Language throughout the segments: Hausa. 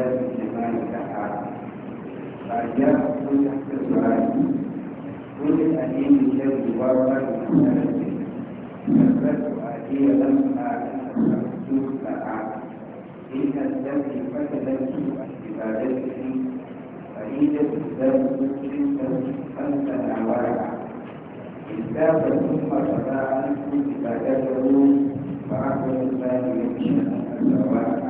dari kemaritaan. Banyak punya kembali, boleh ada yang diwarna di masyarakat. dalam keadaan kemaritaan. Inna jadi pada nanti ibadat ini, Fa'idat dan mungkin dari tanpa nawara. Jika berumur masyarakat ibadat ini, Fa'adat dan mungkin tanpa nawara.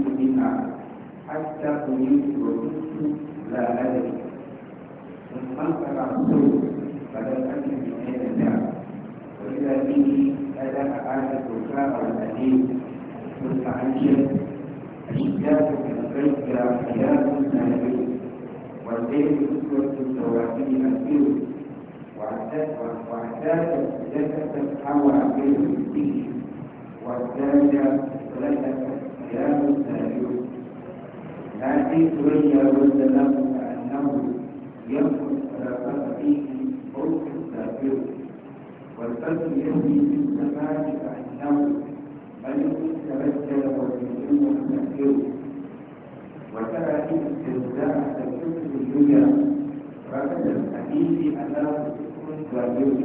بها حتى قلت وكنت لا أدري انقلب العصور فلم أكن من هذا جاء وإذا به ألا أعاد الكفار والأديب قلت عن شيء أشياء كالبيت خيار نبي والليل أسوة سوادي أسير وعتاد جسد حوى به والثانية ثلاثة يا مساعد لا تدري يرد له كأنه ينقص على فقره فوق السافر والفجر يهدي في السماء كأنه ملك تبدل والنجوم مسافر وتأتي الاسترجاع تكف الدنيا ركز الحديث على سكون وجود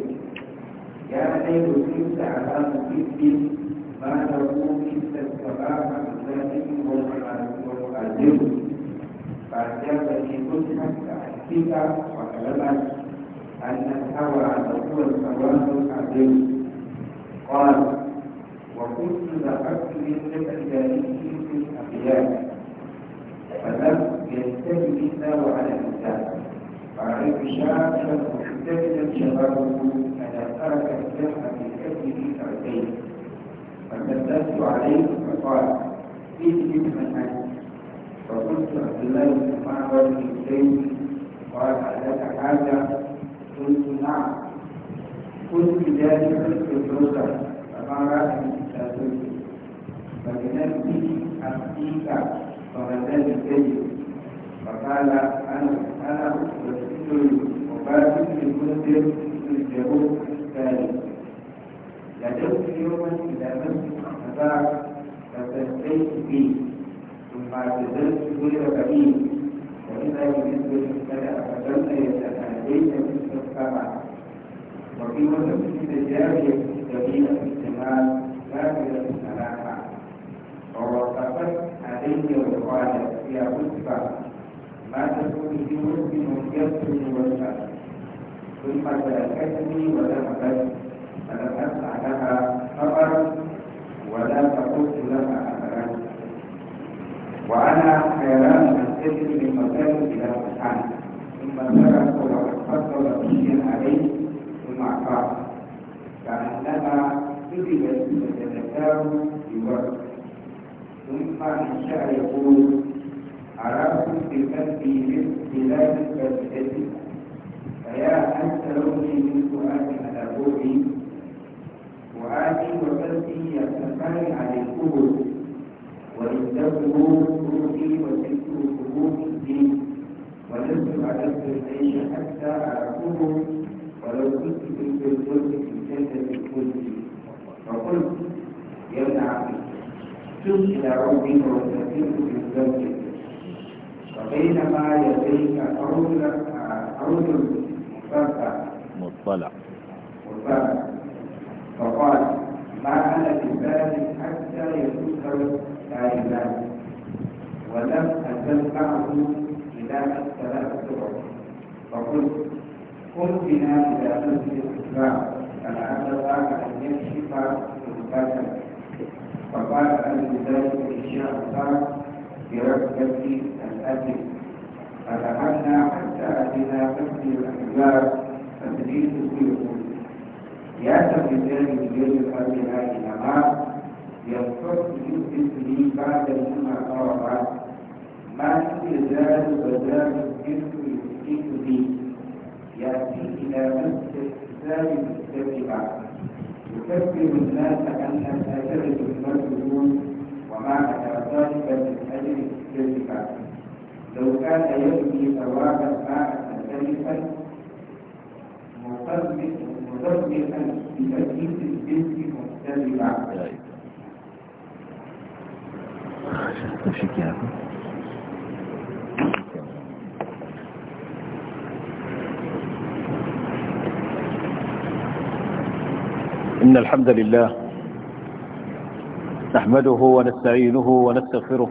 يا ليت كنت على مكب ما تكون مثل السماء الذي والمؤذن فاعتبر فتحة تحقيقا وكلما أن الهوى هو الثواب العظيم قال وكنت ذهبت للتجاري في الأبيات فلم يلتزم إلا وعلى الإنسان فعرف شاب محتملا شبابه أن ترك الجرح في كتبه ساعتين فكذبت عليه فقال فيه جسما فقلت عبد الله بن معبد بن زيد قال ألك هذا قلت نعم قلت بذلك عشت الرزق فما رأني إلا زوجي فبنفسي أخفيك فغزاني الكذب فقال أنا أنا رسول وبارك لمنذر الجبوت الثالث غدوت يوما إلى مسجد الخزاع فتسليت فيه ثم اعتزلت غير بعيد فإذا بالنسبة للمبتدأ فكنت يتحديت مثل السبعة وفي وسط جارية جميلة في الشمال كافية الصلاة ووقفت علي وقالت يا مصطفى ما تكون في مسلم يسلم وجهك ثم تركتني وذهبت تتبع لها ولا تقص لها أثرا وأنا حيران أستجد للمسائل إلى القرآن ثم ترك وقد فصل شيئا عليه ثم أعطاه كأنما كتبت فتذكر بوقت ثم أنشأ يقول عرفت بقلبي من بلاد فتحتك فيا أنت لوني من سؤال على بوعي وآتي وسلسي يتفاعل على الكبر وإنتبه كروحي وتلك كروح الدين ولست عددت العيش حتى أعرفه ولو كنت في الفردوس في جنة الكل فقلت يا ابن عمي سل إلى ربي ربك وتكلم بالزوج وبينما يديك أرجل أرجل مطلع مطلع فقال ما أنا بذلك حتى يفوته العباد ولم أزل معه إلى الثلاث سلكت فقلت قل بنا إلى مسجد الإسلام فلعل الله أن يكشف كربتك فقال أن ذلك إن شاء الله بركبتي الأجل فذهبنا حتى أتينا مسجد الأحزاب فتجلس كل لأن الإنسان بجوز الحمد لله إنما ينقص بجسمه بعد ما قرب ما يزال بدال الجسم الجسم يأتي إلى نفس الإحسان مستقبلا يكبر الناس أن الأجر جملتهم وما أتى صاحب الأجر مستقبلا لو كان يبني ثوابا ما أتى مفرقا بتأكيد الجنس مختلفا تمشيك يا أخي إن الحمد لله نحمده ونستعينه ونستغفره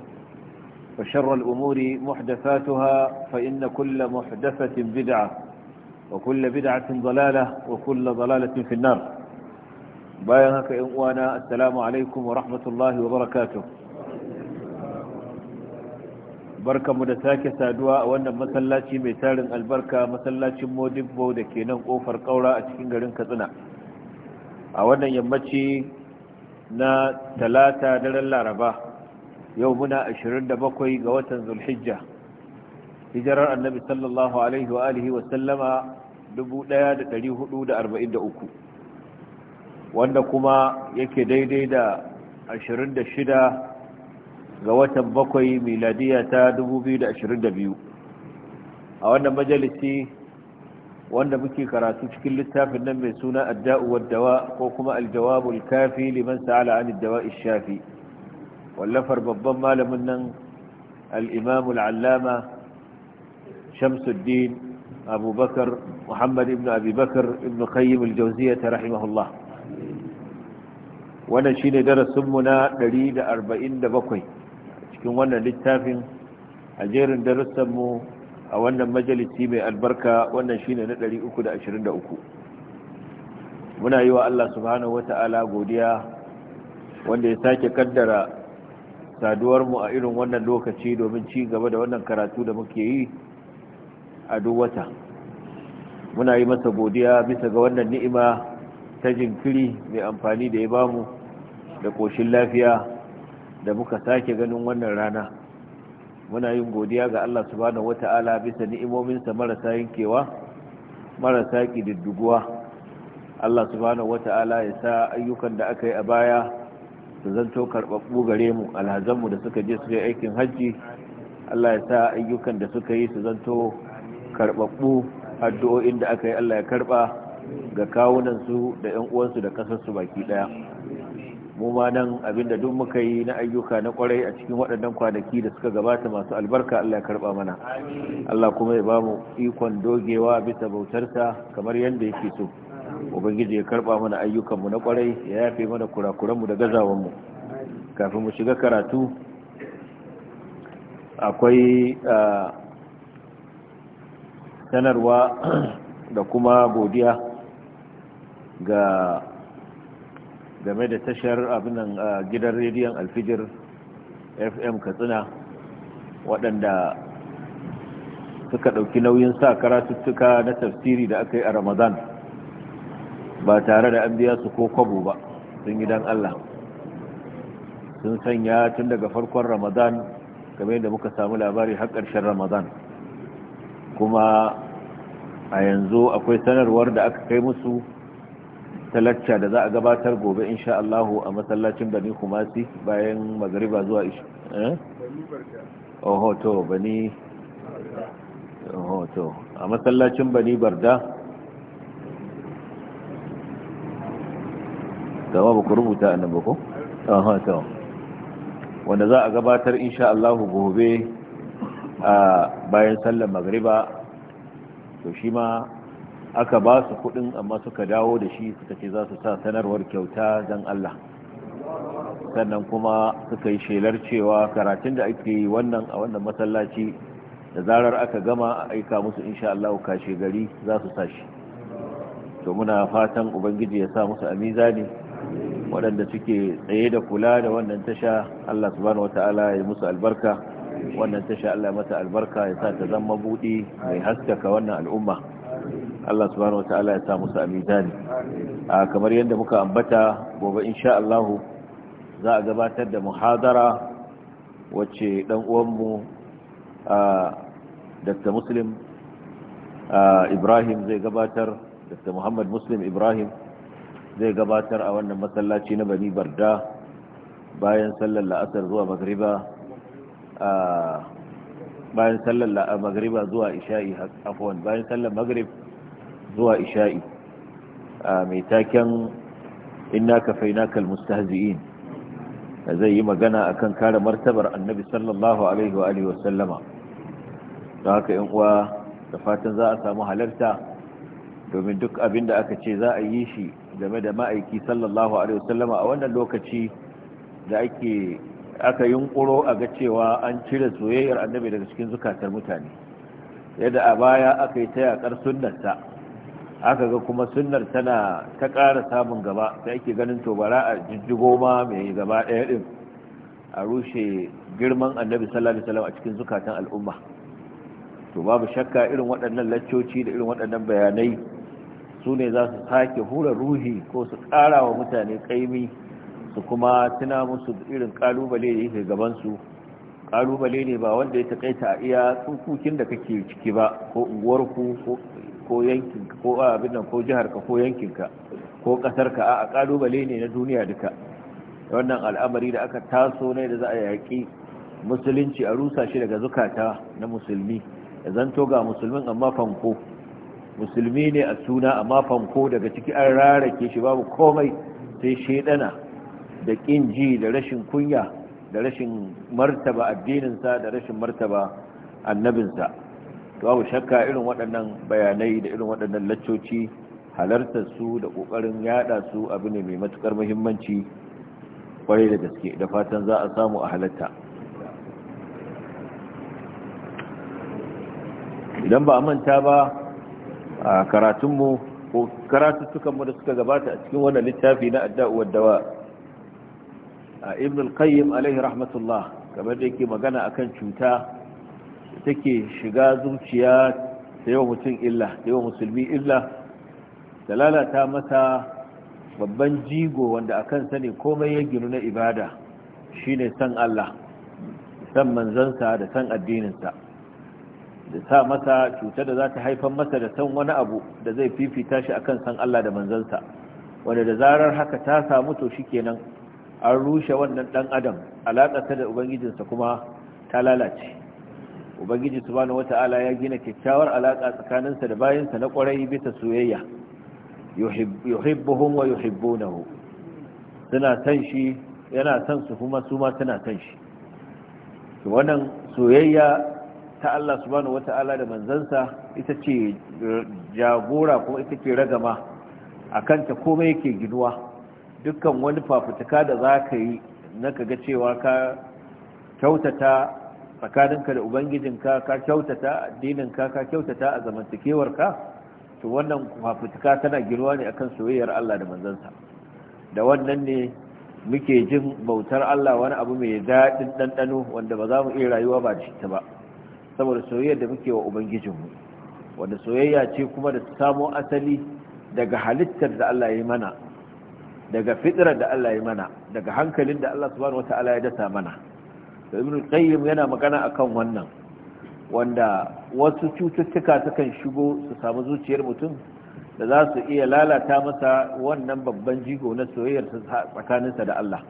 وشر الأمور محدثاتها فإن كل محدثة بدعة وكل بدعة ضلالة وكل ضلالة في النار بايهك إنوانا السلام عليكم ورحمة الله وبركاته barka mu da sake saduwa a wannan masallaci mai tarin albarka masallacin modibbo da ke nan kofar kaura a cikin garin katsina a wannan yammaci na talata daren laraba yau muna 27 ga watan zulhijja hijirar annabi sallallahu alaihi wa alihi wasallama 1443 wanda kuma yake daidai da 26 ga watan bakwai miladiya ta 2022 a wannan majalisi wanda muke karatu cikin littafin nan mai suna adda'u waddawa ko kuma aljawabul kafi liman sa'ala an dawa'i shafi wallafar babban malamin nan al'imamul allama shamsuddin abubakar muhammad ibn abubakar ibn qayyim al-jauziya ta rahimahullah wannan shi ne darasinmu na 147 cikin wannan littafin a jerin darussanmu a wannan majalisi mai albarka wannan shi ne na 323 muna yi wa allah subhanahu wa ta'ala godiya wanda ya sake kaddara saduwar mu a irin wannan lokaci domin ci gaba da wannan karatu da muke yi a duk wata muna yi masa godiya bisa ga wannan ni'ima ta jinkiri mai amfani da ya bamu da koshin lafiya da muka sake ganin wannan rana muna yin godiya ga Allah subhanahu wata'ala bisa sa marasa yankewa marasa ƙididdiguwa Allah subhanahu wata'ala ya sa ayyukan da aka yi a baya su zanto karɓaɓɓu gare mu alhazanmu da suka je su yi aikin hajji Allah ya sa ayyukan da suka yi su zanto karɓaɓɓu addu'o'in da aka yi Allah ya karɓa ga kawunansu da ‘yan uwansu da ƙasarsu baki ɗaya mu ma nan abinda duk muka yi na ayyuka na kwarai a cikin waɗannan kwanaki da suka gabata masu albarka Allah ya karɓa mana Allah kuma ya ba mu ikon dogewa bisa bautarsa kamar yadda yake so ubangiji ya karba mana ayyukanmu na kwarai ya yafe mana kurakuranmu da gazawanmu kafin mu shiga karatu akwai sanarwa da kuma godiya ga game da tashar abinan gidan rediyon alfijir fm katsina waɗanda suka ɗauki nauyin sa karatuttuka na tafsiri da aka yi a ramadan ba tare da an biya su ko kwabo ba sun yi don Allah sun sanya tun daga farkon ramadan game da muka samu labari har ƙarshen ramadan kuma a yanzu akwai sanarwar da aka kai musu talacca da za a gabatar gobe insha Allah a masallacin bani kumasi bayan magariba zuwa ishi eh? oho to bani oho to a masallacin bani barda gaba ba ku rubuta a nan ba ku? aha ta wanda za a gabatar insha Allah gobe a bayan sallar magriba to shi ma aka ba su kudin amma suka dawo da shi suka ce za su sa sanarwar kyauta don Allah sannan kuma suka yi shelar cewa karatun da ake yi wannan a wannan masallaci da zarar aka gama a aika musu insha Allah kashe gari za su shi to muna fatan ubangiji ya sa musu amizani waɗanda suke tsaye da kula da wannan tasha Allah subhanahu wata'ala ya musu albarka wannan tasha Allah ya mata albarka ya sa ta zama buɗi mai haskaka wannan al'umma Allah subhanahu wata'ala ya sa musu amizani a kamar yadda muka ambata gobe insha Allah za a gabatar da muhadara wacce dan uwanmu Dr. Muslim Ibrahim zai gabatar Dr. Muhammad Muslim Ibrahim zai gabatar a wannan masallaci na bani barda bayan sallar la'asar zuwa magriba a bayan sallar la'a magriba zuwa isha'i afwan bayan sallar magrib zuwa isha'i a mai taken inna kafainaka almustahzi'in zai yi magana akan kare martabar annabi sallallahu alaihi wa alihi wa sallama don haka yan uwa da fatan za a samu halarta domin duk abin da aka ce za a yi shi game da ma'aiki sallallahu alaihi wasallama a wannan lokaci da ake aka yunkuro a ga cewa an cire soyayyar annabi daga cikin zukatar mutane yadda a baya aka yi ta yakar sunnarta aka ga kuma sunnar tana ta ƙara samun gaba sai ake ganin tobara a jijjigo ma mai gaba ɗaya ɗin a rushe girman annabi sallallahu alaihi wasallam a cikin zukatan al'umma to babu shakka irin waɗannan laccoci da irin waɗannan bayanai su ne za su sake hura ruhi ko su ƙara wa mutane ƙaimi su kuma tuna musu irin ƙalubale da yake gabansu ƙalubale ne ba wanda ya taƙaita a iya tsukukin da kake ciki ba ko unguwarku ko yankin ko abin nan ko jiharka ko yankinka ko ƙasarka a ƙalubale ne na duniya duka wannan al'amari da aka taso ne da za a yaƙi musulunci a rusa shi daga zukata na musulmi ya zanto ga musulmin amma fanko musulmi ne a suna amma fanko daga ciki an rarake shi babu komai sai shaidana da kin ji da rashin kunya da rashin martaba addininsa da rashin martaba annabinsa babu shakka irin waɗannan bayanai da irin waɗannan laccoci halartar su da ƙoƙarin yada su abu ne mai matuƙar muhimmanci kwarai da gaske da fatan za a samu a halatta idan ba a manta ba a karatunmu ko karatuttukanmu da suka gabata a cikin wannan littafi na adda'u dawa a ibn al-qayyim alaihi rahmatullah kamar da yake magana akan cuta take shiga zuciya ta yawa mutum illa da yawa musulmi illa da lalata masa babban jigo wanda akan sani komai ya ginu na ibada shine san Allah san manzansa da san addininsa da sa masa cutar da za ta haifar masa da san wani abu da zai fifita shi akan san Allah da manzansa wanda da zarar haka ta samu to kenan an rushe wannan dan adam alakata da ubangijinsa kuma ta lalace ubangiji subhanahu wata'ala ya gina kyakkyawar alaka tsakaninsa da bayinsa na kwarai bisa soyayya yuhibbuhum wa yuhibbunahu suna san shi yana san su kuma su ma suna san shi wannan soyayya ta Allah subhanahu wata'ala da manzansa ita ce jagora ko ita ce ragama a kanta komai yake ginuwa dukkan wani fafutuka da za ka yi na kaga cewa ka kyautata tsakaninka da ubangijinka ka kyautata addininka ka kyautata a zamantakewarka to wannan fafutuka tana ginuwa ne akan soyayyar Allah da manzansa da wannan ne muke jin bautar Allah wani abu mai daɗin ɗanɗano wanda ba za mu iya rayuwa ba da shi ta ba saboda soyayya da muke wa ubangijinmu wanda soyayya ce kuma da ta samo asali daga halittar da Allah ya mana daga fitrar da Allah ya mana daga hankalin da Allah subhanahu wata'ala ya dasa mana to ibnu qayyim yana magana akan wannan wanda wasu cututtuka sukan shigo su samu zuciyar mutum da za su iya lalata masa wannan babban jigo na soyayyar tsakaninsa da Allah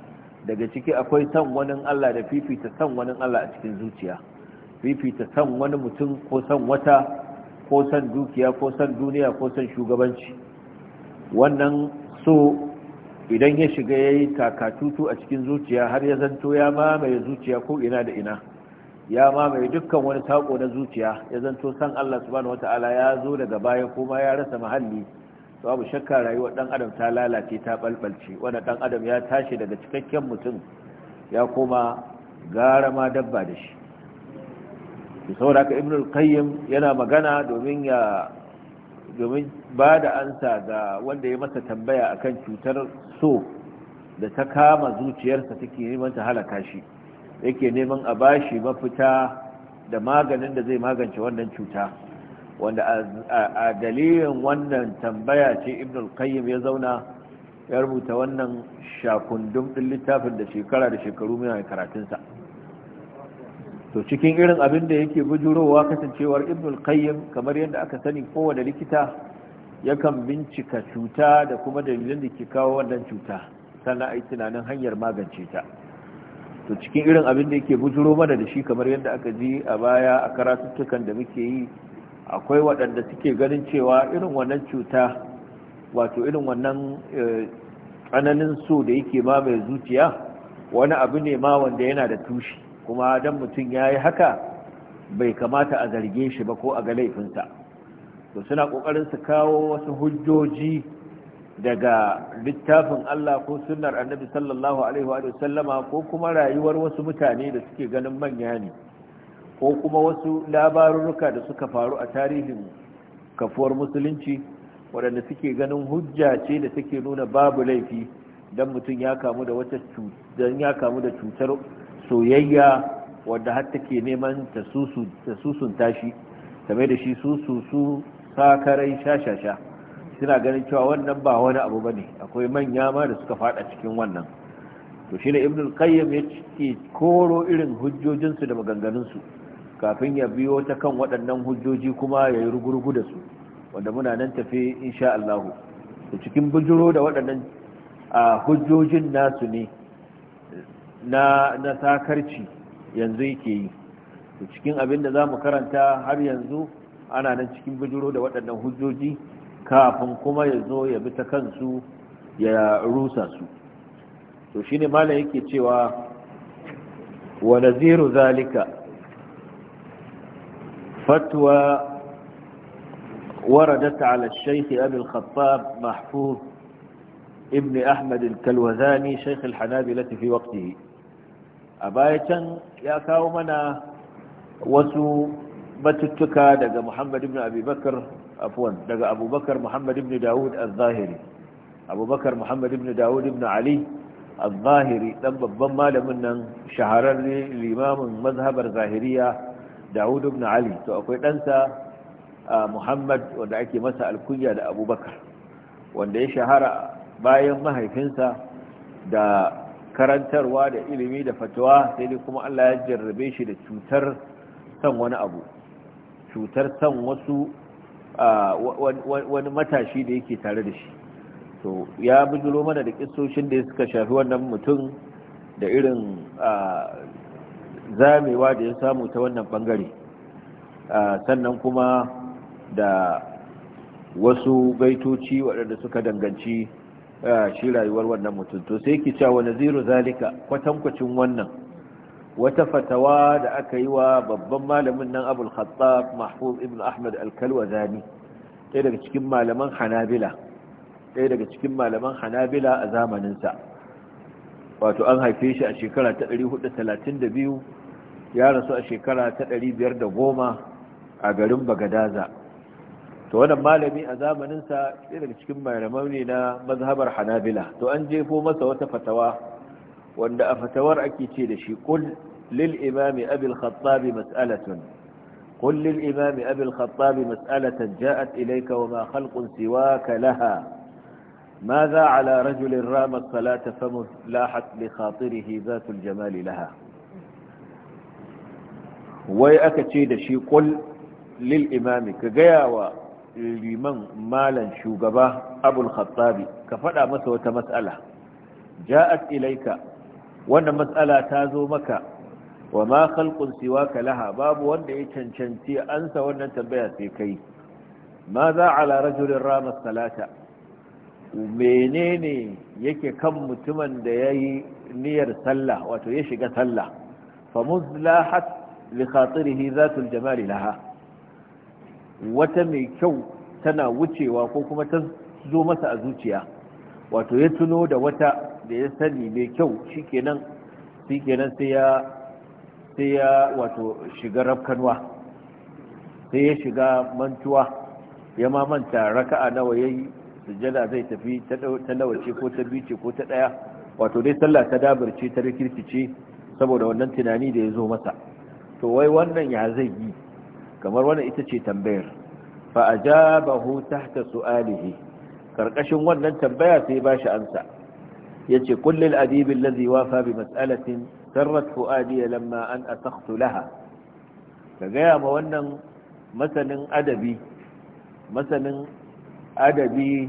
daga ciki akwai san wani Allah da fifita san wani Allah a cikin zuciya fifita san wani mutum ko san wata ko san dukiya ko san duniya ko san shugabanci wannan so idan ya shiga ya yi takatutu a cikin zuciya har ya zanto ya mamaye zuciya ko ina da ina ya mamaye dukkan wani sako na zuciya ya zanto san Allah subhanahu wata'ala ya zo daga baya kuma ya rasa muhalli babu shakka rayuwar ɗan adam ta lalace ta balbalce wanda ɗan adam ya tashi daga cikakken mutum ya koma gara ma dabba da shi to saboda haka ibn al-qayyim yana magana domin ya domin ba da ansa ga wanda ya masa tambaya akan cutar so da ta kama zuciyarsa take neman ta halaka shi yake neman a bashi mafita da maganin da zai magance wannan cuta wanda a dalilin wannan tambaya ce ibn al-qayyim ya zauna ya rubuta wannan shakundun din littafin da shekara da shekaru mai karatunsa to cikin irin abin da yake bujurowa kasancewar ibnul qayyim kamar yadda aka sani kowane likita yakan bincika cuta da kuma dalilin da ke kawo wannan cuta sannan a yi tunanin hanyar magance ta to cikin irin abin da yake bujuro mana da shi kamar yadda aka ji a baya a karatuttukan da muke yi akwai waɗanda suke ganin cewa irin wannan cuta wato irin wannan eh, tsananin so da yake mai zuciya wani abu ne ma wanda yana da tushe kuma dan mutum ya yi haka bai kamata a zarge shi ba ko a ga laifinsa to suna ƙoƙarin su kawo wasu hujjoji daga littafin Allah ko sunnar annabi sallallahu alaihi wa sallama ko kuma rayuwar wasu mutane da suke ganin manya ne ko kuma wasu labarurruka da suka faru a tarihin kafuwar musulunci waɗanda suke ganin hujja ce da suke nuna babu laifi don mutum ya kamu da wata ya kamu da cutar soyayya wadda hatta ke neman ta susun tashi ta mai da shi susu su sakarai shashasha suna ganin cewa wannan ba wani abu bane akwai manya ma da suka fada cikin wannan to shi ibn ibnul qayyim yake koro irin hujjojinsu da maganganunsu kafin ya biyo ta kan waɗannan hujjoji kuma ya yi rugurgu da su wanda muna nan tafi insha Allah to cikin bujuro da waɗannan hujjojin nasu ne na na sakarci yanzu yake yi cikin abin da za mu karanta har yanzu ana nan cikin bijiro da waɗannan hujjoji kafin kuma ya zo ya bi ta kansu ya rusa su to shine malam yake cewa wa naziru zalika fatwa وردت على الشيخ أبي الخطاب محفوظ ابن أحمد الكلوذاني شيخ الحنابلة في وقته a baya can ya kawo mana wasu batuttuka daga muhammad ibn abubakar afwan daga abubakar muhammad ibn dawud al-zahiri abubakar muhammad ibn dawud ibn ali al-zahiri dan babban malamin nan shahararre limamin mazhabar zahiriya dawud ibn ali to akwai ɗansa muhammad wanda ake masa alkunya da abubakar wanda ya shahara bayan mahaifinsa da karantarwa da ilimi da fatawa sai dai kuma Allah ya jarrabe shi da cutar san wani abu cutar san wasu wani matashi da yake tare da shi to ya bujuro mana da kissoshin da suka shafi wannan mutum da irin zamewa da ya samu ta wannan bangare sannan kuma da wasu baitoci waɗanda suka danganci shi rayuwar wannan mutum to sai ki cewa naziru zalika kwatankwacin wannan wata fatawa da aka yi wa babban malamin nan abul khattab mahfuz ibn ahmad al-kalwazani ɗaya daga cikin malaman hanabila ɗaya daga cikin malaman hanabila a zamaninsa wato an haife shi a shekara ta 432 ya rasu a shekara ta 510 a garin bagadaza to wannan malami a zamanin sa daga cikin malamai ne na mazhabar hanabila to an jefo masa wata fatawa wanda a fatawar ake ce da shi kul lil imam imam abi abi al-khattab al-khattab mas'alatan mas'alatan lil ja'at imami abil khattabi mas'alatun قل للإمام أبي ala rajul جاءت إليك وما خلق سواك لها ماذا على رجل رام الصلاة فملاحت بخاطره ذات الجمال لها ويأكتشي دشي قل للإمام كجاوى liman malan shugaba abul khattabi ka faɗa masa wata matsala ja'at ilaika wannan matsala ta zo maka wa ma khalqun siwaka laha babu wanda ya cancanci ansa wannan tambaya sai kai ma za ala rajulin rama salata menene yake kan mutumin da yayi niyyar sallah wato ya shiga sallah fa muzlahat li khatirihi zatul jamali laha wata mai kyau tana wucewa ko kuma ta zo masa a zuciya wato ya tuno da wata da ya sani mai kyau shikenan shikenan sai ya sai ya wato shiga rafkanwa sai ya shiga mantuwa ya ma manta raka'a nawa yayi sujjada zai tafi ta nawace ko ta bice ko ta daya wato dai sallah ta dabarce ta rikirkice saboda wannan tunani da ya zo masa to wai wannan ya zai yi kamar wannan ita ce tambayar fa ajabahu tahta su'alihi karkashin wannan tambaya sai ba shi amsa yace kullil adib allazi wafa bi mas'alatin sarrat fuadi lamma an atakhtu laha ka gaya ma wannan masanin adabi masanin adabi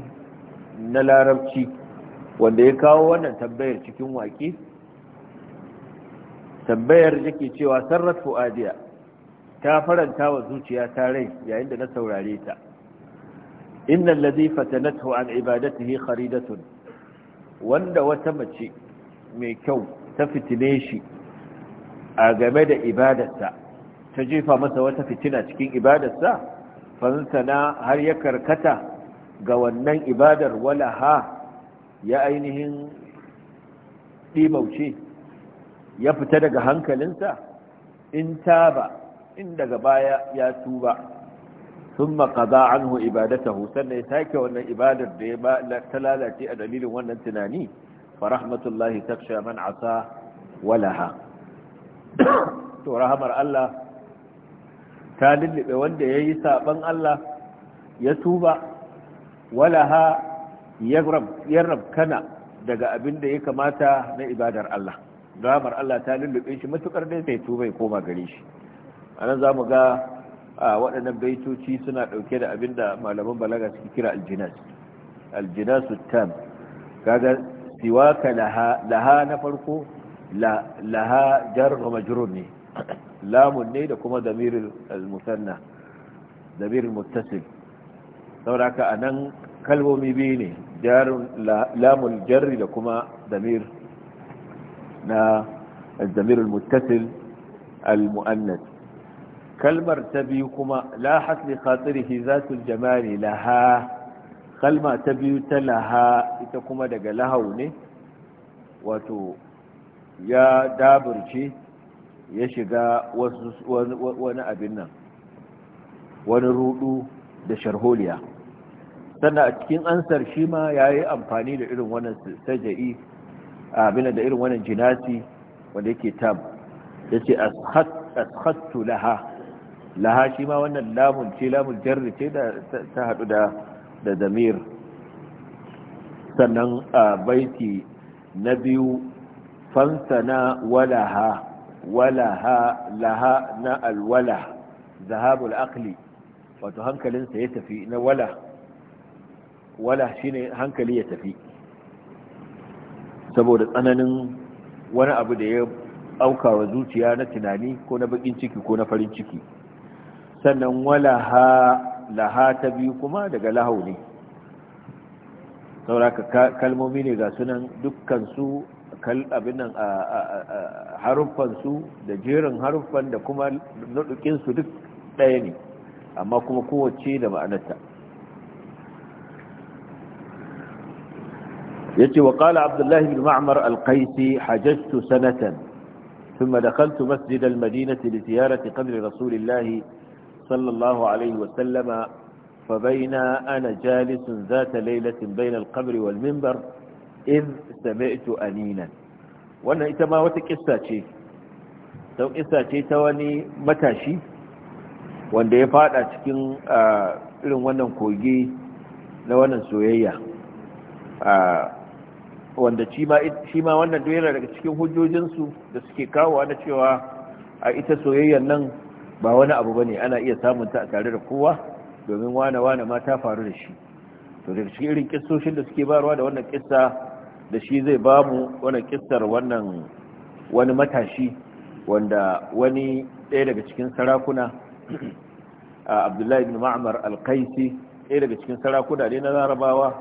na larabci wanda ya kawo wannan tambayar cikin waƙi tambayar yake cewa sarrat fuadiya ta faranta wa zuciya ta rai yayin da na saurare ta innan ladhi fatanathu an ibadatihi kharidatun wanda wata mace mai kyau ta fitine shi a game da ibadarsa ta jefa masa wata fitina cikin ibadarsa fansana har ya karkata ga wannan ibadar wala ha ya ainihin ɗibauce ya fita daga hankalinsa in taba in daga baya ya tuba sun makaza an hu ibadatahu sannan ya sake wannan ibadar da ya ta lalace a dalilin wannan tunani fa rahmatullahi taksha man asa walaha to rahamar Allah ta lullube wanda ya yi saɓan Allah ya tuba walaha ya rabkana daga abin da ya kamata na ibadar Allah rahamar Allah ta lullube shi matukar dai sai tuba ya koma gare shi a nan za mu ga waɗannan baitoci suna ɗauke da abin da malaman balaga suke kira aljinas aljinasu tam kaga siwaka laha na farko laha jar wa majrur ne lamun ne da kuma al musanna damirul muttasil saboda a anan kalmomi biyu ne lamun jarri da kuma damir na damirul muttasil al-mu'annas kalmar ta biyu kuma la hasli khatirihi zatul jamali laha kalma ta biyu ta laha ita kuma daga lahau ne wato ya daburce ya shiga wani abin nan wani rudu da sharholiya sannan a cikin ansar shi ma ya yi amfani da irin wannan saja'i abin da irin wannan jinasi wanda yake tab ya ce ashattu laha laha shi ma wannan lamun ce lamun jarri ce da ta hadu da da damir sannan a baiti na biyu fansa walaha walaha laha na alwala zahabul aqli wato hankalinsa ya tafi na wala wala shine hankali ya tafi saboda tsananin wani abu da ya auka wa zuciya na tunani ko na bakin ciki ko na farin ciki sannan walaha laha ta biyu kuma daga lahau ne sauraka kalmomi ne ga sunan dukkansu abin haruffansu da jerin haruffan da kuma naɗukinsu duk ɗaya ne amma kuma kowace da ma'anarta يتي وقال عبد الله بن معمر القيسي حججت sanatan ثم دخلت مسجد المدينة لزيارة قبر رسول الله صلى الله عليه وسلم فبين أنا جالس ذات ليلة بين القبر والمنبر إذ سمعت أنينا وأنا إتما وتكسا شيء sau isa ce ta wani matashi wanda ya fada cikin irin wannan kogi na wannan soyayya wanda shi ma wannan doyar daga cikin hujjojinsu da suke kawo na cewa a ita soyayyar nan ba wani abu bane ana iya samun ta tare da kowa domin wane wane ma ta faru da shi to daga cikin irin kissoshin da suke barwa da wannan kissa da shi zai bamu wannan kissar wannan wani matashi wanda wani ɗaya daga cikin sarakuna a abdullahi bin ma'amar alkaisi ɗaya daga cikin sarakuna ne na larabawa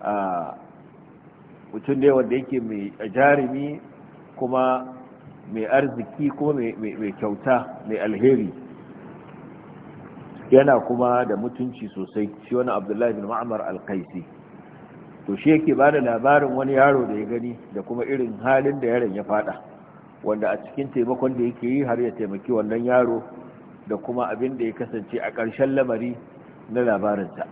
a mutum ne wanda yake mai jarumi kuma mai arziki ko mai kyauta mai alheri yana kuma da mutunci sosai shi wani abdullahi bin ma'amar alkaisi to shi yake ba da labarin wani yaro da ya gani da kuma irin halin da yaron ya fada wanda a cikin taimakon da yake yi har ya taimaki wannan yaro da kuma abin da ya kasance a ƙarshen lamari na labarinsa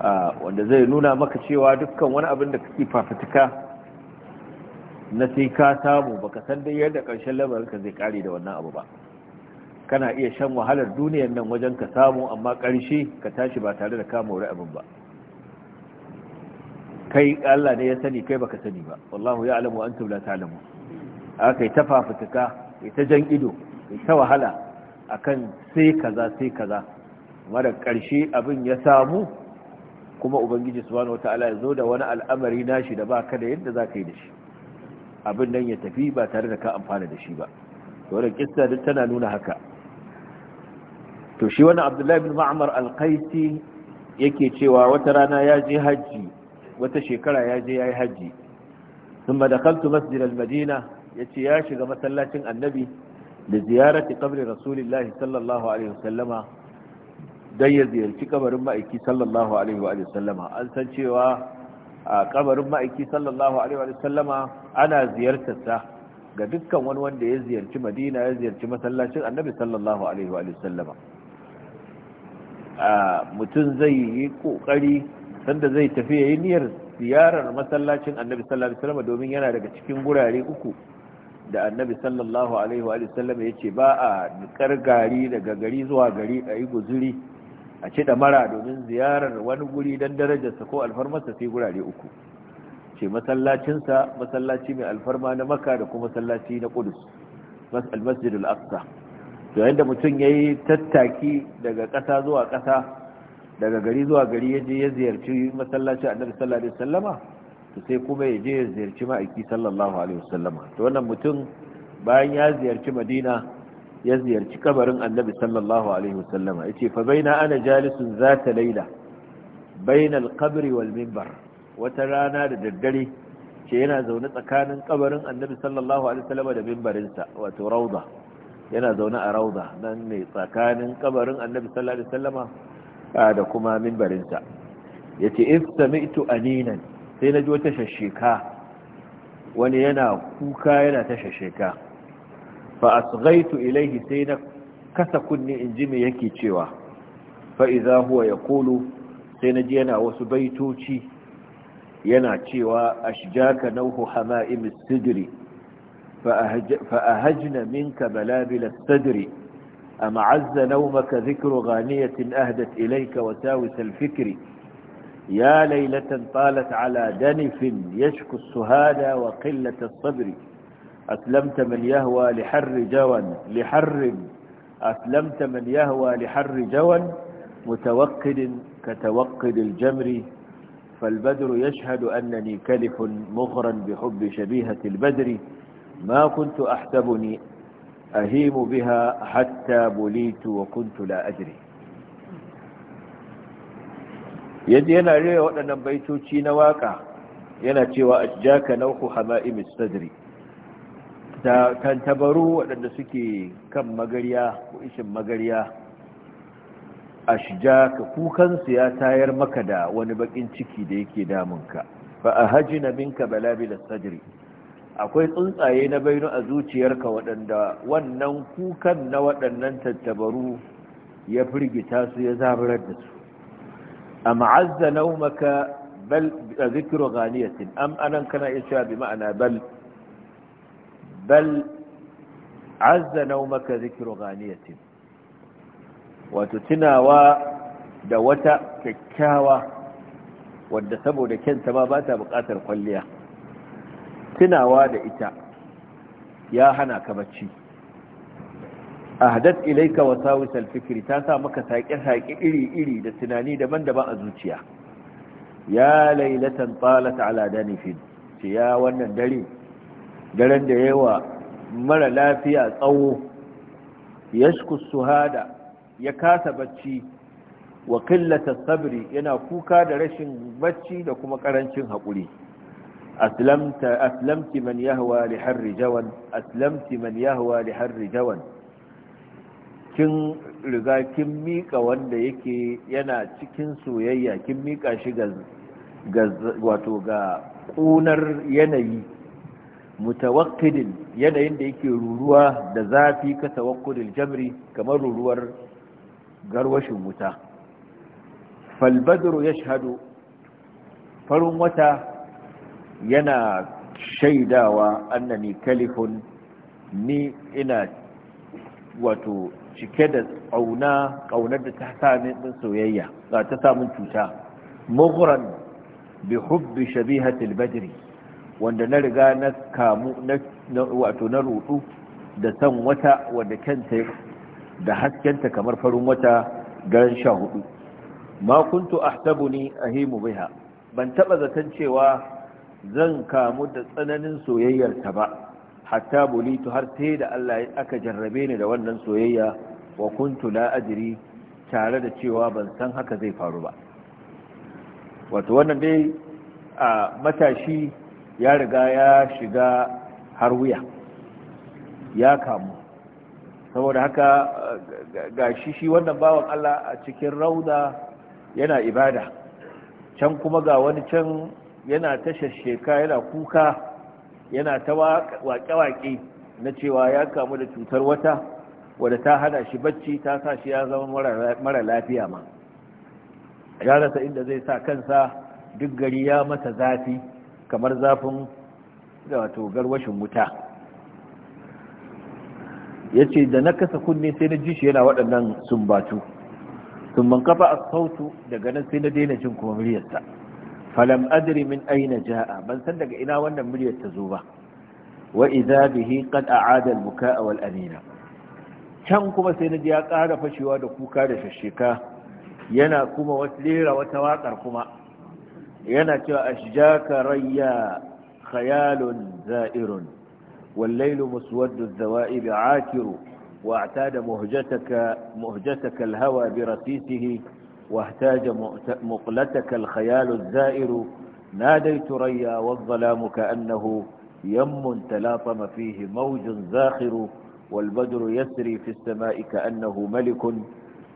ah, wanda zai nuna maka cewa dukkan wani abin da kake fafutuka na sai ka samu baka san dai yadda ƙarshen lamarinka zai kare da wannan abu ba kana iya shan wahalar duniyar nan wajen ka samu amma ƙarshe ka tashi ba tare da kama wuri abin ba kai Allah ne ya sani kai baka sani ba wallahu an antum ta alamu. aka yi ta fafutuka yi ta jan ido yi ta wahala akan sai kaza sai kaza mara ƙarshe abin ya samu kuma ubangiji subhanahu wataala ya zo da wani al'amari nashi da baka da yadda zaka yi da shi abin nan ya tafi ba tare da ka amfana da shi ba wannan kissa duk tana nuna haka to shi wannan Abdullahi bin Ma'mar al yake cewa wata rana ya je hajji, wata shekara ya je yayi hajji. thumma dakhaltu masjid al-Madina ce ya shiga masallacin Annabi da ziyarati qabri Rasulillahi sallallahu alaihi wasallama don ya ziyarci kabarin ma'aiki sallallahu alaihi wa sallama an san cewa a kabarin ma'aiki sallallahu alaihi wa sallama ana ziyartarsa ga dukkan wani wanda ya ziyarci madina ya ziyarci masallacin annabi sallallahu alaihi wa sallama mutum zai yi kokari sanda zai tafi ya yi niyyar ziyarar masallacin annabi sallallahu alaihi wa sallama domin yana daga cikin gurare uku da annabi sallallahu alaihi wa ya ce ba a karkari gari daga gari zuwa gari a yi guzuri a da mara domin ziyarar wani guri don darajarsa ko alfarmarsa sai gurare uku ce masallacinsa masallaci mai alfarma na maka da kuma masallaci na kudus masjid al-aqsa to yadda mutum ya yi tattaki daga ƙasa zuwa ƙasa daga gari zuwa gari ya je ya ziyarci masallaci annabi sallallahu alaihi wasallama to sai kuma ya je ya ziyarci ma'aiki sallallahu alaihi wasallama to wannan mutum bayan ya ziyarci madina ya ziyarci kabarin annabi sallallahu alaihi wasallama yace fa baina ana jalisun zata laila bainal qabri wal minbar wata rana da daddare ce yana zaune tsakanin kabarin annabi sallallahu alaihi wasallama da minbarinsa wato rauda yana zaune a rauda nan ne tsakanin kabarin annabi sallallahu alaihi wasallama da kuma minbarinsa yace if sami'tu aninan sai naji wata shashika wani yana kuka yana ta shashika فأصغيت إليه سينا كثقني إنجمي يكي تشوا فإذا هو يقول سينا جينا وسبيتو تشي ينا تشيوا أشجاك نوه حمائم السدري فأهج فأهجن منك بلابل السدري أم عز نومك ذكر غانية أهدت إليك وساوس الفكر يا ليلة طالت على دنف يشكو السهادة وقلة الصبر أسلمت من يهوى لحر جوا لحر أسلمت من يهوى لحر جوا متوقد كتوقد الجمر فالبدر يشهد أنني كلف مغرا بحب شبيهة البدر ما كنت أحسبني أهيم بها حتى بليت وكنت لا أدري يدي أنا ليه وأنا نبيتوشي نواقع ينا تيوى أشجاك نوخ حمائم الصدري ta kan waɗanda suke kan magariya ko ishin magariya a shija ka kukansu ya tayar maka da wani bakin ciki da yake damunka fa a haji na minka da sadiri akwai tsuntsaye na bainu a zuciyarka waɗanda wannan kukan na waɗannan tattabaru ya firgita su ya zaburar da su a ma'azza naumaka bal a zikiro ganiyatin am anan kana iya bi ma'ana bal bal azza naumaka zikru ghaniyatin wato tunawa da wata kyakkyawa wadda saboda kyanta ma ba ta buƙatar kwalliya tunawa da ita ya hana ka bacci ahdat ilaika wasawis alfikri ta sa maka saƙe-saƙe iri-iri da tunani daban-daban a zuciya ya lailatan talat ala danifin ya wannan dare daren da yawa mara lafiya tsawo yashku suhada ya kasa bacci wa killata sabri yana kuka da rashin bacci da kuma karancin haƙuri أسلمت أسلمت من يهوى لحر aslamti man yahwa kin riga kin mika wanda yake yana cikin soyayya kin mika shi ga wato ga ƙunar yanayi mutawakkidin yanayin da yake ruruwa da zafi ka tawakkudil jamri kamar ruruwar garwashin wuta falbadru yashhadu farin wata yana shaidawa annani kalifun ni ina wato cike da ƙauna ƙaunar da ta sami soyayya ta samun cuta mughran bi hubbi shabihatil badri wanda na riga na kamu wato na rudu da san wata wadda kenta da haskenta kamar farin wata garin sha hudu ma kuntu ahtabu ni ahimu biha ban taba zaton cewa zan kamu da tsananin soyayyarta ba hatta bulitu har sai da Allah aka jarrabe ni da wannan soyayya wa kuntu la ajri tare da cewa ban san haka zai faru ba wato wannan dai a matashi ya riga ya shiga har wuya ya kamu saboda haka ga shi shi wannan bawan Allah a cikin rauda yana ibada can kuma ga wani can yana ta shasheka yana kuka yana ta waƙe-waƙe na cewa ya kamu da cutar wata wadda ta hada shi bacci ta sa shi ya zama mara lafiya ma ya rasa inda zai sa kansa duk gari ya masa zafi kamar zafin wato garwashin wuta ya ce da na kasa kunne sai na ji shi yana waɗannan sumbatu sun man kafa a sautu daga nan sai na daina jin kuma muryarsa falam adri min aina ja'a ban san daga ina wannan muryar ta zo ba wa idza bihi qad a'ada al-buka'a wal Amina. can kuma sai na ji ya ƙara fashewa da kuka da shashika yana kuma wata lera wata waƙar kuma yana cewa ashjaka rayya khayalun za'irun والليل مسود الذوائب عاكر واعتاد مهجتك, مهجتك الهوى برسيسه واهتاج مقلتك الخيال الزائر ناديت ريا والظلام كأنه يم تلاطم فيه موج زاخر والبدر يسري في السماء كأنه ملك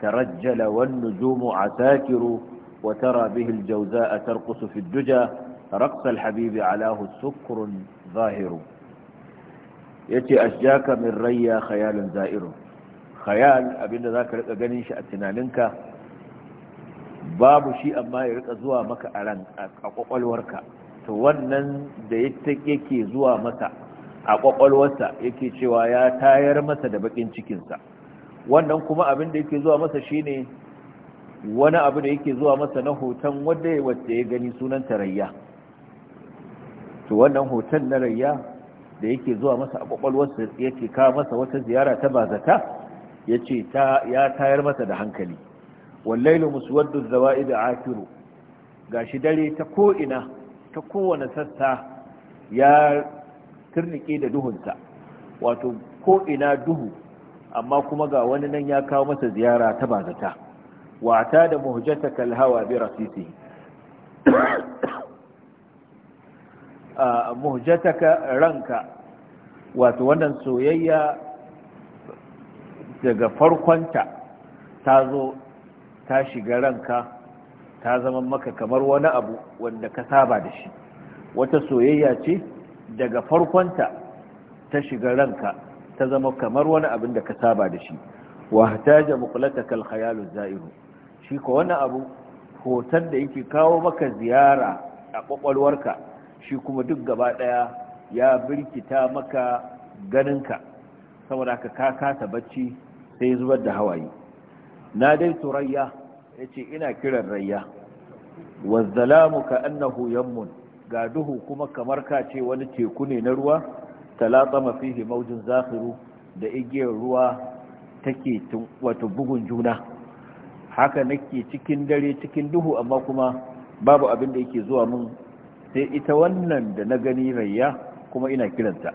ترجل والنجوم عساكر وترى به الجوزاء ترقص في الدجى رقص الحبيب علاه سكر ظاهر يتي أشجاك من ريا خيال زائر خيال أبين ذاك shi قنيش أتناننك babu shi amma ya rika zuwa maka a ran a kwakwalwarka to wannan da yake zuwa masa a kwakwalwarsa yake cewa ya tayar masa da bakin cikinsa wannan kuma abin da yake zuwa masa shine wani abu da yake zuwa masa na hoton wadda wacce ya gani sunan tarayya to wannan hoton na rayya da yake zuwa masa a kwakwalwarsa yake ka masa wata ziyara ta bazata ya ce ya tayar masa da hankali wallailu muswaddu zawa'i da gashi dare ta ko'ina ta kowane sassa ya turnike da duhunsa wato ko'ina duhu amma kuma ga wani nan ya kawo masa ziyara ta bazata Wata da muhjata واعتاد مهجتك الهوى برصيصه مهجتك رنك وتوانا سويا daga farkonta ta zo ta shiga ranka ta zama maka kamar wani abu wanda ka saba da shi wata soyayya ce daga farkonta ta shiga ranka ta zama kamar wani abin da ka saba da shi wa hataja muqlataka al-khayal az-za'iru shi ko wannan abu hoton da yake kawo maka ziyara a ƙwaƙwalwarka, shi kuma duk gaba daya ya birkita maka ganinka saboda ka ka kasa bacci sai zubar da hawaye na dai turayya ya ce ina kiran rayya wazzalamu ka annahu yammun ga duhu kuma kamar ka ce wani teku ne na ruwa talata mafihi maujin zafiru da igiyar ruwa take wato bugun juna haka nake cikin dare cikin duhu amma kuma babu abin da yake zuwa mun sai ita wannan da na gani rayya kuma ina kiranta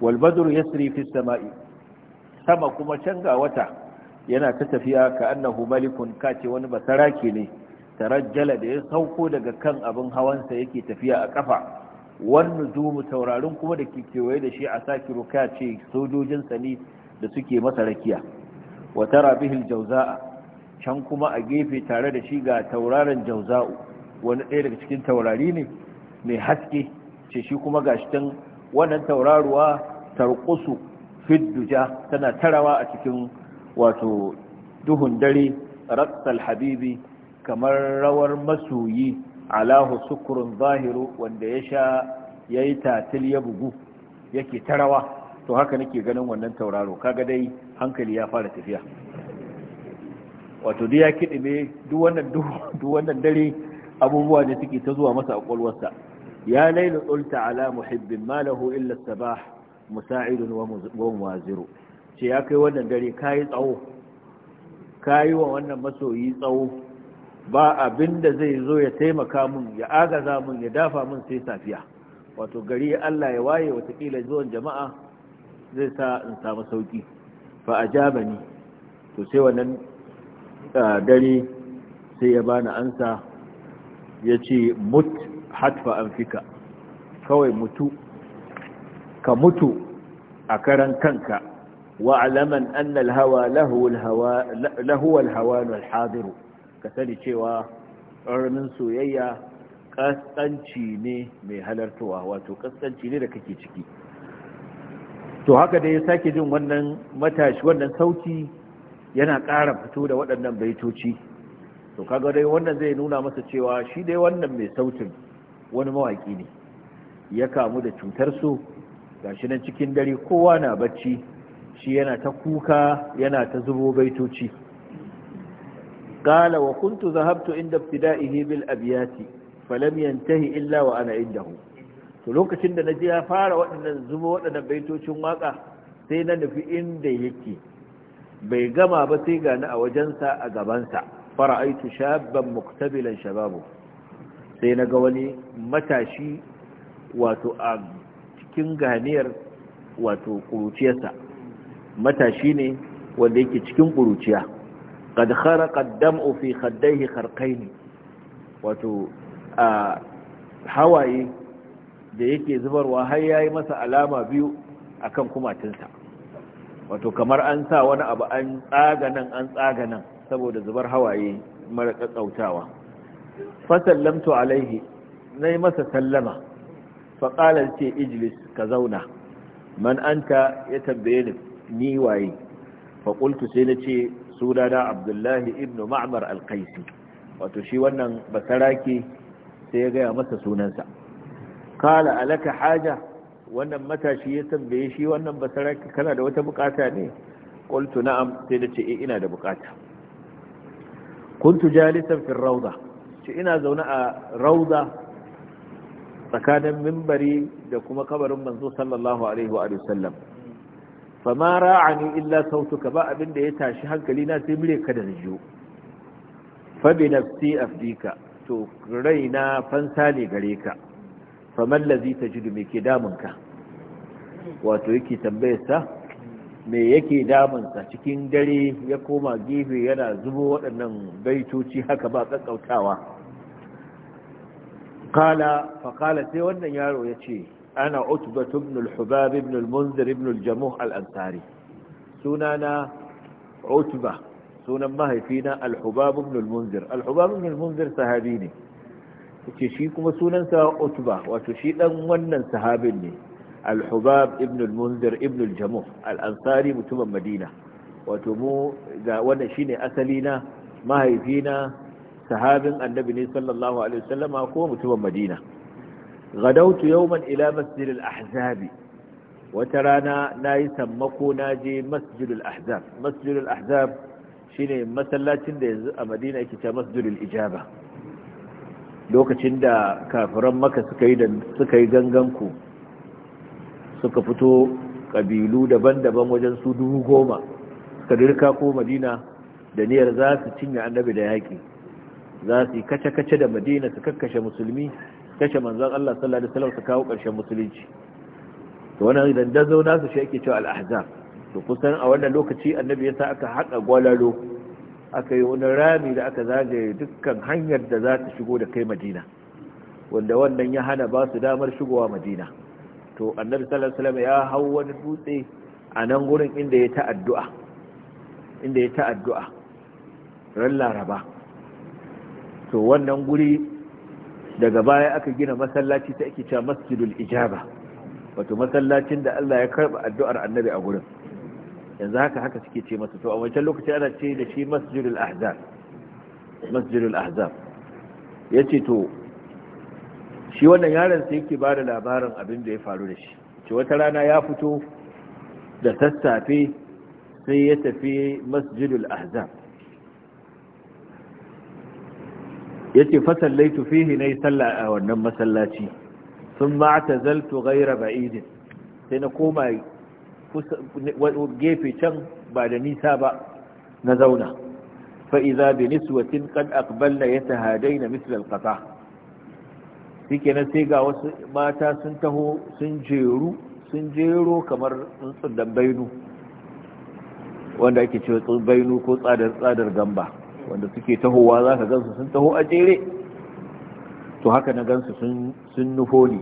wal badru yasri fi samai sama kuma canga wata yana ta tafiya ka annahu malikun kace wani basarake ne tarajjala da ya sauko daga kan abin hawansa yake tafiya a kafa wani zumu taurarin kuma da ke kewaye da shi a sakiru sojojin sojojinsa ne da suke masa rakiya wa tara bihil jauza'a can kuma a gefe tare da shi ga tauraron jauza'u wani ɗaya daga cikin taurari ne mai haske ce shi kuma ga shi wannan tauraruwa tarkusu fidduja tana tarawa a cikin wato duhun dare ratsal habibi kamar rawar masoyi alahu sukurun zahiru wanda ya sha ya yi tatil ya bugu yake tarawa to haka nake ganin wannan tauraro kaga dai hankali ya fara tafiya wato dai ya kiɗime duk wannan duk wannan dare abubuwa ne suke ta zuwa masa a kwalwarsa ya lailu ulta ala muhibbin malahu illa sabah musa'idun wa waziru ce ya kai wannan dare kayi tsawo kayi wa wannan masoyi tsawo ba abin da zai zo ya taimaka mun ya agaza mun ya dafa mun sai safiya wato gari Allah ya waye watakila zuwan jama'a zai sa in samu sauki fa ajabani to sai wannan dare sai ya bani ansa ya ce mut hatfa an fika kawai mutu ka mutu a karan kanka wa alaman annal hawa lahuwal hawanu alhadiru ka sani cewa ƙarnin soyayya ƙasƙanci ne mai halartowa wato ƙasƙanci ne da kake ciki to haka da ya sake jin wannan matashi wannan sauti yana ƙara fito da waɗannan baitoci to kaga dai wannan zai nuna masa cewa shi dai wannan mai sautin wani mawaƙi ne ya kamu da cutar su gashi nan cikin dare kowa na bacci shi yana ta kuka yana ta zubo baitoci qala wa kuntu zahabtu inda ibtida'ihi bil abyati falam yantahi illa wa ana indahu to lokacin da naji ya fara waɗannan zubo waɗannan baitocin waka sai na nufi inda yake bai gama ba sai gani a wajensa a gabansa fara'aitu shabban muktabilan shababu sai na ga wani matashi wato a cikin ganiyar wato kuruciyarsa matashi ne wanda yake cikin ƙuruciya qad ƙaddam ad fi khaddayhi wato a hawaye da yake zubarwa har yayi masa alama biyu akan kumatinsa wato kamar an sa wani abu an tsaga nan an tsaga nan saboda zubar hawaye mara kakkautawa fa sallamtu alaihi yi masa sallama fa ce ijilis ka zauna man ta ya tambaye ni ni waye sai na ce suna sunana abdullahi ibnu ma'mar al-qaisi wato shi wannan basaraki sai ya gaya masa sunansa kala alaka haja wannan matashi ya tambaye shi wannan basaraki kana da wata bukata ne qultu na'am sai da ce eh ina da bukata kuntu jalisan fi rawda ce ina zaune a rawda tsakanin minbari da kuma kabarin manzo sallallahu alaihi wa alihi sallam ra'ani illa sautuka ba abin da ya tashi hankali na sai mure ka da rijiyo fa bi nafsi afdika to raina fansa ne gare ka faman lazi ta jidu mai ke damunka wato yake tambayarsa me yake damunsa cikin dare ya koma gefe yana zubo waɗannan baitoci haka ba ƙaƙƙautawa kala faƙala sai wannan yaro ya ce ana utbat ibn al-hubab ibn al-munzir ibn al-jamuh al-ansari sunana utba sunan mahaifina al-hubab ibn al-munzir al-hubab ibn al-munzir sahabi ne ce shi kuma sunansa utuba wato shi dan wannan sahabin ne al-hubab ibn al-munzir ibn al-jamuh al-ansari mutumin madina wato mu ga wannan shine asali na mahaifina sahabin annabi ne sallallahu alaihi wasallama ko mutumin madina gadautu yawman ila masjid al wata rana na yi sammako na je masjid al-ahzab masjid ahzab shine masallacin da yanzu a madina yake ta masjid ijaba lokacin da kafiran maka suka yi ganganku suka fito kabilu daban-daban wajen su dubu goma suka dirka ko madina da niyyar za su cinye annabi da yaƙi za su yi kace-kace da madina su kakkashe musulmi kashe manzan Allah sallallahu alaihi wasallam su kawo ƙarshen musulunci to wannan idan da zauna su shi ake cewa al-ahzab to kusan a wannan lokaci annabi ya sa aka haƙa gwalalo aka yi wani rami da aka zagaye dukkan hanyar da za ta shigo da kai madina wanda wannan ya hana ba su damar shigowa madina to annabi sallallahu alaihi ya hau wani dutse a nan gurin inda ya ta'addu'a inda ya ran laraba to wannan guri daga baya aka gina masallaci ta ake cewa masjidul ijaba wato masallacin da Allah ya karba addu'ar annabi a gurin yanzu haka haka suke ce masa to a wancan lokaci ana ce da shi masjidul ahzab masjidul ahzab yace to shi wannan yaron sai yake bada labarin abin da ya faru da shi ce wata rana ya fito da sassafe sai ya tafi masjidul ahzab yace fa sallaitu fihi nay salla a wannan masallaci sun atazaltu ghayra ba'idin sai na koma gefe can ba da nisa ba na zauna fa'iza bi niswatin kan akballa ya tahadai na mislar ƙasa suke na sai ga wasu mata sun taho sun jeru sun jero kamar tsuntsun bainu wanda ake cewa tsuntsun bainu ko tsadar gamba wanda suke tahowa za ka gansu sun taho a jere to haka na gansu sun nufo ne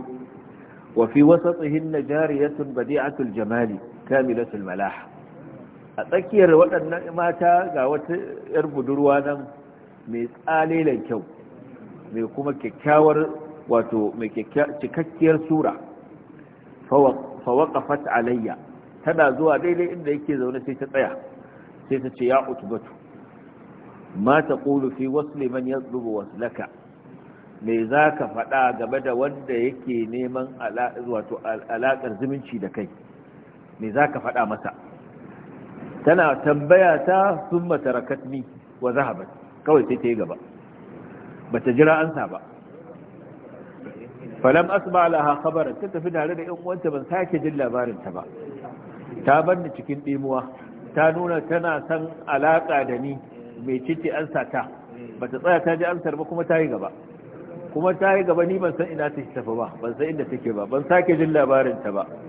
wafi wasa tsohin na jari jariyatun badi'atul jamali kamilatul malaha a tsakiyar waɗannan mata ga wata 'yar budurwa nan mai tsalilan kyau mai kuma kyakkyawar wato cikakkiyar sura fawaqafat alayya tana zuwa daidai inda yake zaune sai ta tsaya sai ta ce ya utbatu ma taqulu fi wasli man yadlubu waslaka me zaka faɗa game da wanda yake neman wato alaƙar zumunci da kai me za ka faɗa masa tana tambaya ta sun rakatmi wa zahabat kawai sai ta yi gaba ba ta jira ansa ba falam asma laha khabaran ta tafi tare da yan uwanta ban sake jin labarin ta ba ta banni cikin dimuwa ta nuna tana san alaka da ni mai ciki ansa ta bata tsaya ta ji ansar ba kuma ta yi gaba kuma ta yi gaba ni ban san ina ta tafi ba ban san inda take ba ban sake jin labarin ta ba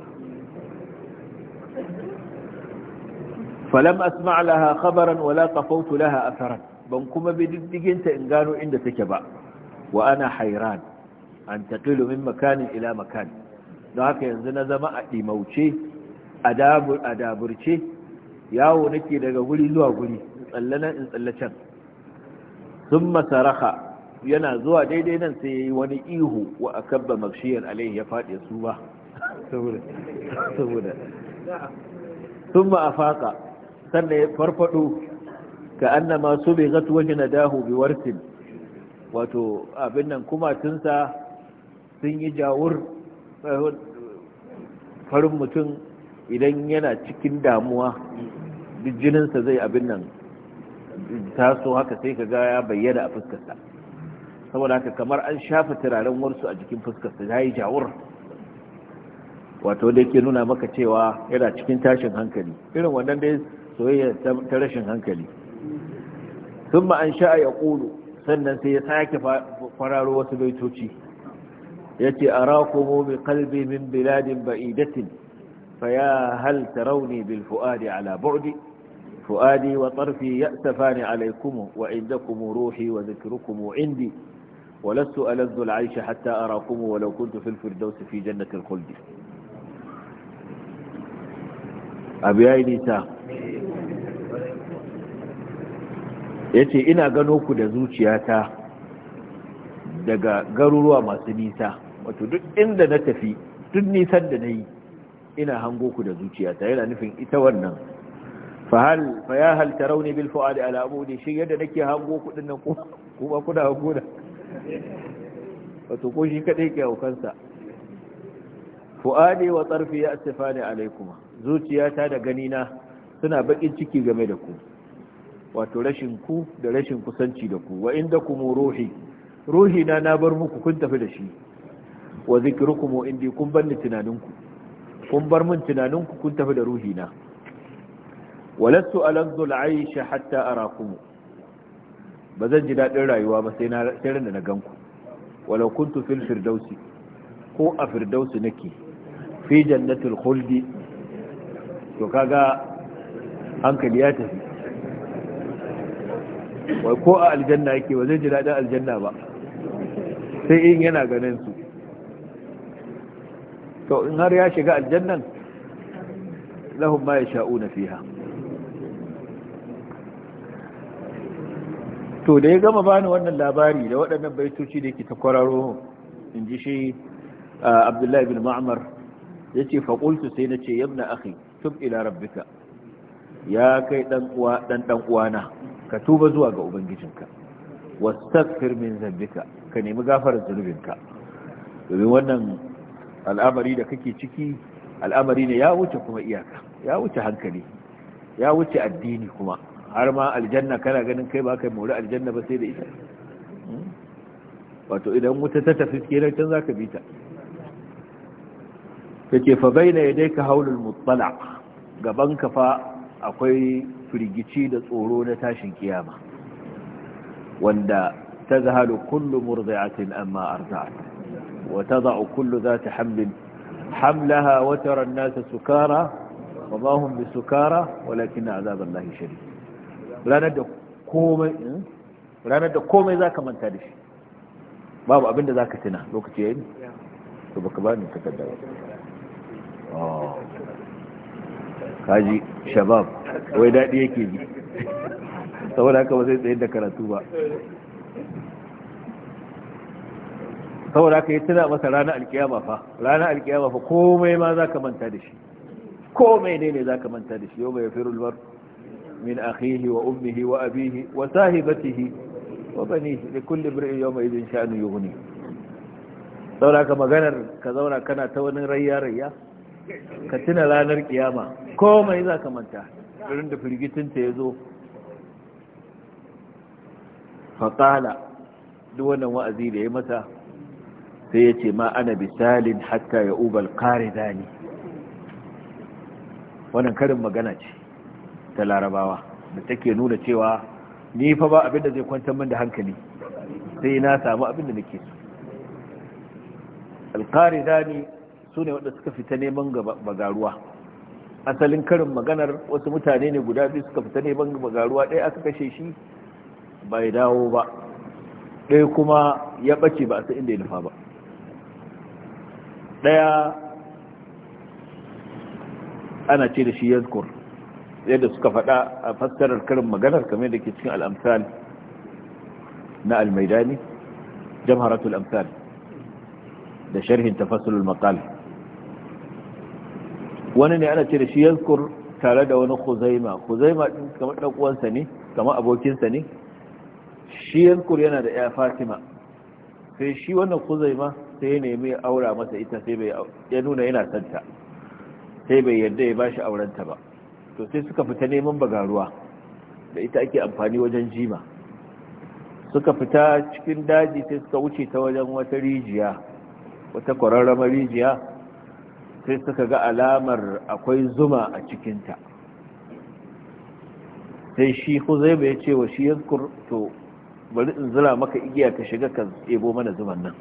falam asma laha khabaran wala qafawtu laha atharan ban kuma bi diddiginta in gano inda take ba wa ana hairan an taqilu min makanin ila makan don haka yanzu na zama a dimauce a daburce yawo nake daga guri zuwa guri tsallanan in tsallacen sun masaraka yana zuwa daidai nan sai ya yi wani ihu wa a kabba alaihi ya faɗi su ba saboda sun sannan ya farfado ka annama su bai gatu waje na dahu bi wartin wato abin nan kumatunsa sun yi jawur farin mutum idan yana cikin damuwa jininsa zai abin nan taso haka sai ka ga ya bayyana a fuskarsa saboda haka kamar an shafa turaren warsu a jikin fuskarsa ya yi jawur wato da ke nuna maka cewa yana cikin tashin hankali irin wannan dai soyayya ta rashin hankali sun an sha'a ya ƙulu sannan sai ya sake fararo wasu baitoci فيا هل تروني بالفؤاد على بعد فؤادي وطرفي يأسفان عليكم وعندكم روحي وذكركم عندي ولست ألذ العيش حتى أراكم ولو كنت في الفردوس في جنة الخلد أبي أي نساء ya ce ina gano ku da zuciyata daga garuruwa masu nisa wato duk inda na tafi duk nisan da na yi ina hango ku da zuciyata yana nufin ita wannan fahal faya hal tarauni bil fu'adi ala abudi shi yadda nake hango ku din nan kuma kuna hango da wato ko shi kadai ke sa fu'adi wa tsarfi ya astafani alaikuma zuciyata da ganina suna bakin ciki game da ku wato rashin ku da rashin kusanci da ku wa inda kuma ruhi ruhi na na bar muku kun tafi da shi wa zikirukum indi kun bar ni tunaninku kun bar min tunaninku kun tafi da ruhi na walastu alanzu al'aisha hatta arakum ba zan ji dadin rayuwa ba sai na sai da na ganku walau kuntu fil firdausi ko a firdausi nake fi jannatul khuldi to kaga hankali ya tafi wai ko a aljanna yake ba zai ji daɗin aljanna ba sai in yana ganin su to in har ya shiga aljannan lahum ma yasha'una fiha to da ya gama bani wannan labari da waɗannan baitoci da ke ta kwararo in ji shi ah, Abdullahi bin Ma'mar yace fa qultu sai ce yabna akhi tub ila rabbika ya kai dan uwa dan dan uwana ka tuba zuwa ga ubangijinka wastaghfir min zambika ka nemi gafarar zunubinka domin wannan al'amari da kake ciki al'amari ne ya wuce kuma iyaka ya wuce hankali ya wuce addini kuma har ma aljanna kana ganin kai ba kai mori aljanna ba sai da ita hmm? wato idan wuta ta tafi kenan can zaka bi ta ke fa baina yadayka haulul muttala gaban ka fa akwai firgici da tsoro na tashin kiyama wanda ta zahalu kullu murdi'atin amma arza'at wa tada'u kullu zati hamlin hamlaha wata tara an sukara wa ma hum bisukara walakin azaballahi shadid lahi da komai hmm? ranar da komai za ka manta da shi babu abinda za ka tuna lokaci yayin to baka bani takarda ba oh. kaji shabab wai daɗi yake ji saboda haka ba zai tsaye da karatu ba saboda haka yi tuna masa ranar alkiyama fa ranar alkiyama fa komai ma za ka manta da shi komai ne ne za ka manta da shi yau mai firul bar min akhihi wa ummihi wa abihi wa sahibatihi wa bani da kullum ri'in yau mai idin sha'anu huni saboda haka maganar ka zauna kana ta wani rayya rayya ka tuna ranar kiyama komai za ka manta irin da firgitinta ya zo faƙala duk wannan wa'azi da ya masa sai ya ce ma ana bisalin hatta ya ubal kare dani wannan karin magana ce ta larabawa da take nuna cewa ni fa ba abin da zai kwantar min da hankali sai na samu abin da nake so alƙari zani. su ne wanda suka fita neman bagaruwa asalin karin maganar wasu mutane ne guda biyu suka fita neman bagaruwa ɗaya aka kashe shi bai dawo ba ɗaya kuma ya ɓace ba a sa inda ya nufa ba ɗaya ana ce da shi yankur yadda suka faɗa a fassarar karin maganar kamar da ke cikin al'amsal na almaidani jamharatul amsal da sharhin tafasulul maqal wani ne ana ce da shi yankur tare da wani khuzaima khuzaima din kamar dan sa ne kamar abokinsa ne shi yankur yana da ya fatima sai shi wannan khuzaima sai ya nemi aura masa ita sai bai ya nuna yana santa sai bai yarda ya bashi aurenta ba to sai suka fita neman bagaruwa da ita ake amfani wajen jima suka fita cikin daji sai suka wuce ta wajen wata rijiya wata kwararrama rijiya sai suka ga alamar akwai zuma a cikinta sai shi huzaiba ya ce wa shi yankur to bari in zura maka igiya ka shiga ka ebo mana zuman nan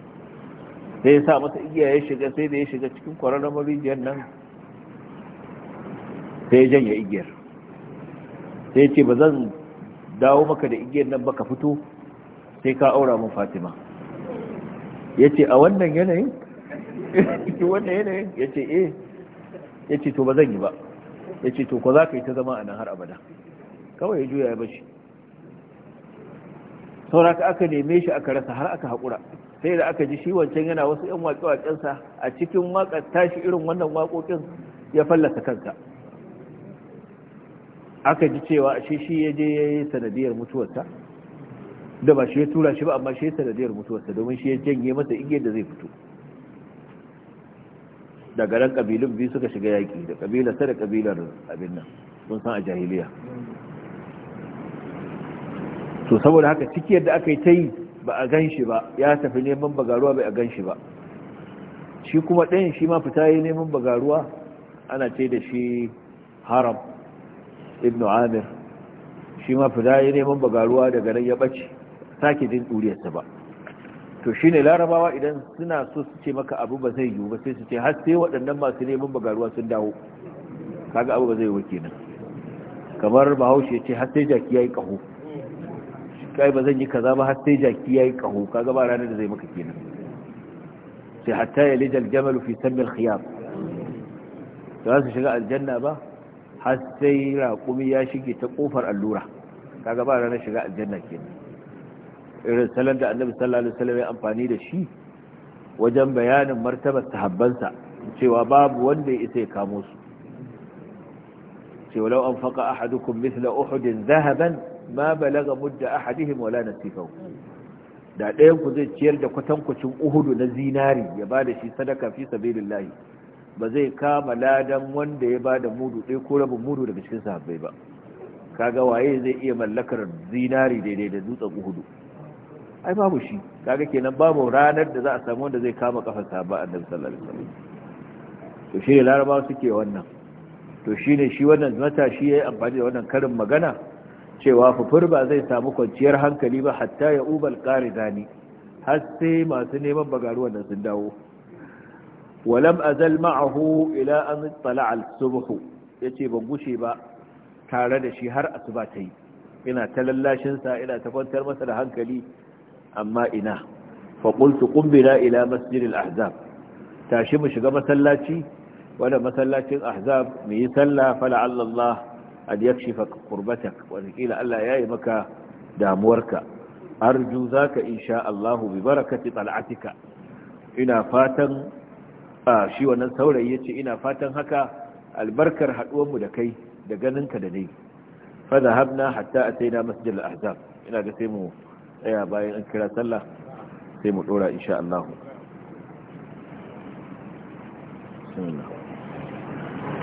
sai ya sa masa igiya ya shiga sai da ya shiga cikin kwararren marijiyar nan sai ya janye igiyar sai ya ce ba zan dawo maka da igiyar nan ba ka fito sai ka aura mun fatima ya ce a wannan yanayin wannan yanayin ya ce eh ya ce to ba zan yi ba ya ce to ko za ka yi ta zama a nan har abada kawai ya juya ya bashi ka aka neme shi aka rasa har aka haƙura sai da aka ji shi wancan yana wasu 'yan waƙe-waƙensa a cikin waƙar tashi irin wannan waƙoƙin ya fallasa kansa aka ji cewa shi shi ya je ya yi sanadiyar mutuwarsa da ba shi ya tura shi ba amma shi ya sanadiyar mutuwarsa domin shi ya janye masa igiyar da zai fito Da garan kabilun biyu suka shiga yaƙi da kabilar ta da kabilar abin nan sun san a jahiliya to saboda haka cikiyar da aka yi ta yi ba a gan shi ba ya tafi neman bagaruwa bai a gan shi ba shi kuma ɗayan shi ma fita yi neman bagaruwa ana ce da shi haram ibn amir shi ma fita yi neman bagaruwa daga nan ya ɓace sake jin ɗuriyarsa ba to shine larabawa idan suna so su ce maka abu ba zai yi ba sai su ce har sai waɗannan masu neman bagaruwa sun dawo kaga abu ba zai yiwu kenan kamar bahaushe ya ce har sai jaki yi ƙaho kai ba zan yi kaza ba har sai jaki yayi kaho kaga ba ranar da zai maka kenan sai hatta yalija al-jamal fi sammi al-khiyam to za su shiga aljanna ba har sai raƙumi ya shige ta ƙofar allura kaga ba ranar shiga aljanna kenan irin salon da annabi sallallahu alaihi wasallam ya amfani da shi wajen bayanin martabar sahabbansa cewa babu wanda ya isa ya kamo su cewa law anfaqa ahadukum mithla uhudin zahaban ma balaga mudda ahadihim wala nasifahu da ɗayan ku zai ciyar da kwatankwacin uhudu na zinari ya ba da shi sadaka fi sabilillahi ba zai kama ladan wanda ya ba da mudu ɗaya ko rabin mudu daga cikin sahabbai ba kaga waye zai iya mallakar zinari daidai da dutsen uhudu ai babu shi kaga kenan babu ranar da za a samu wanda zai kama kafa saba annabi sallallahu alaihi wasallam to shi ne larabawa suke wannan to shi ne shi wannan matashi ya yi amfani da wannan karin magana cewa fufur ba zai samu kwanciyar hankali ba hatta ya ubal kare zani har sai masu neman bagaru wannan sun dawo walam azal ma'ahu ila an tsala al subhu yace ban gushe ba tare da shi har asuba ta yi ina ta lallashinsa ina ta kwantar masa da hankali amma ina faƙultu qultu ila masjidil ahzab tashi mu shiga masallaci wadda masallacin ahzab mu yi sallah fala Allah ad yakshifa qurbatak wani qila Allah yayi maka damuwarka arju zaka insha allahu bi barakati tal'atika ina fatan shi wannan saurayi ce ina fatan haka albarkar haduwar mu da kai da ganinka da ne? fa zahabna hatta na masjidil ahzab ina ga sai mu tsaya bayan an kira sallah sai mu dora insha Allah bismillah